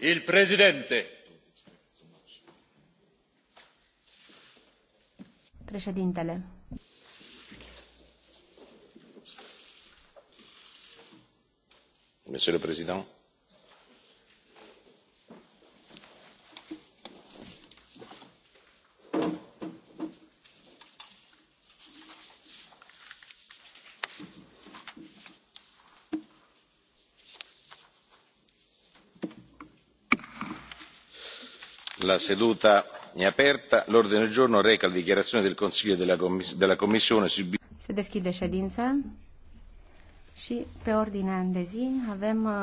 Il președinte. Președintele. Monsieur le la seduta è aperta l'ordine del giorno reca la dichiarazione del consiglio e della commissione sui. se deschide ședința și pe ordinea de zi avem uh,